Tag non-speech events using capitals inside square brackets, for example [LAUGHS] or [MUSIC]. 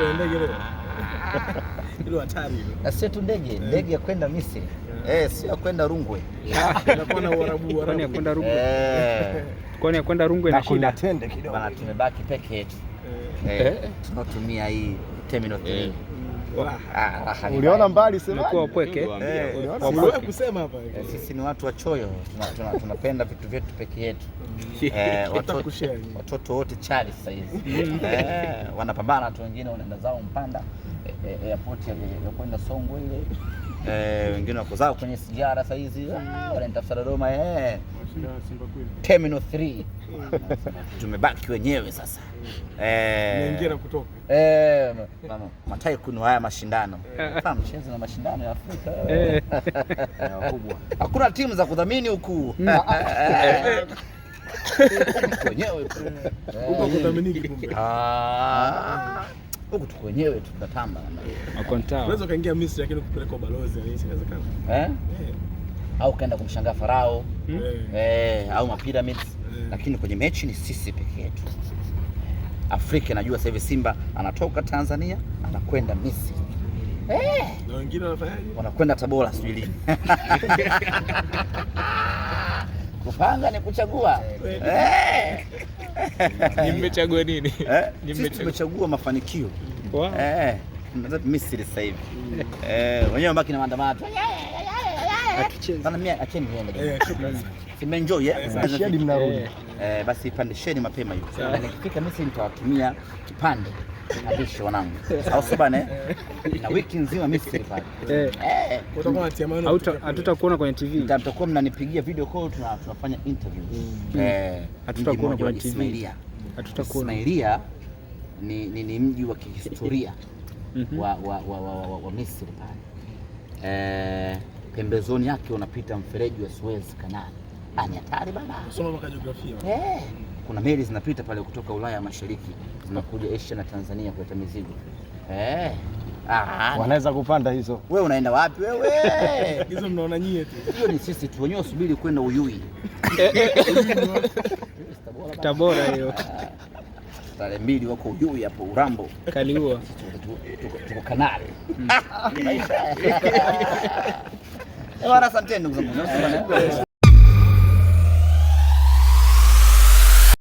[LAUGHS] sio tu ndege, eh. ndege ya kwenda Misri eh, eh sio ya kwenda Rungwe, [LAUGHS] ah, [LAUGHS] kwani ya kwenda Rungwe eh. na shida bana, tumebaki peke yetu, tunatumia hii terminal 3 Uliona mbali upweke. Kusema hapa eh, sisi ni watu wachoyo, tunapenda vitu vyetu peke yetu. [LAUGHS] Eh, watoto wote chali sasa hivi [LAUGHS] mm. eh, wanapambana, watu wengine wanaenda zao Mpanda airport ya kwenda Songwe ile, wengine wako zao kwenye sijara sasa hizi ah, wananitafuta Dodoma eh Terminal 3 [LAUGHS] tumebaki wenyewe sasa eh, eh, matai kunu haya mashindano kama eh. mchezo na mashindano ya Afrika wakubwa, eh. eh. [LAUGHS] hakuna timu za kudhamini huku wenyewe [LAUGHS] huku tuko wenyewe ah. tunatamba. Unaweza kaingia Misri lakini kupeleka balozi inawezekana? Eh? au kaenda kumshangaa Farao hmm? Hey, eh, au mapyramids hey. Eh. Lakini kwenye mechi ni sisi peke yetu. Afrika najua sasa hivi Simba anatoka Tanzania anakwenda Misri eh, na wengine wanafanyaje? Wanakwenda Tabora sijui lini [LAUGHS] kupanga ni kuchagua eh. eh. Nimechagua nini? Sisi tumechagua mafanikio wow. eh. Misri sasa hivi wenyewe wabaki na maandamano Eh, eh? Eh, mnarudi. Eh, basi pandisheni mapema hiyo. Nikifika mimi nitawatumia kipande Pandishe wanangu. Au sio bana? Na wiki nzima mimi sisi pale. Eh. Hatutakuona kwenye TV. Mtakuwa mnanipigia video call tunafanya interview. Mm. Eh. Hatutakuona kwenye TV. Hatutakuona. Ismailia ni ni mji wa kihistoria mhm. wa wa wa wa Misri pale. Eh pembezoni yake unapita mfereji wa Suez Canal. Ani hatari baba. Soma kwa jiografia. Eh, kuna meli zinapita pale kutoka Ulaya ya Mashariki zinakuja Asia na Tanzania kuleta mizigo eh. Ah, ah. wanaweza kupanda hizo. Wewe unaenda wapi wewe? [LAUGHS] Hizo mnaona nyie tu. Hiyo ni sisi tu wenyewe, usubiri kwenda Uyui [LAUGHS] Tabora hiyo ah. tarehe mbili wako Uyui hapo Urambo kaliua tuko kanali hmm. [LAUGHS] Asanteni ndugu zangu.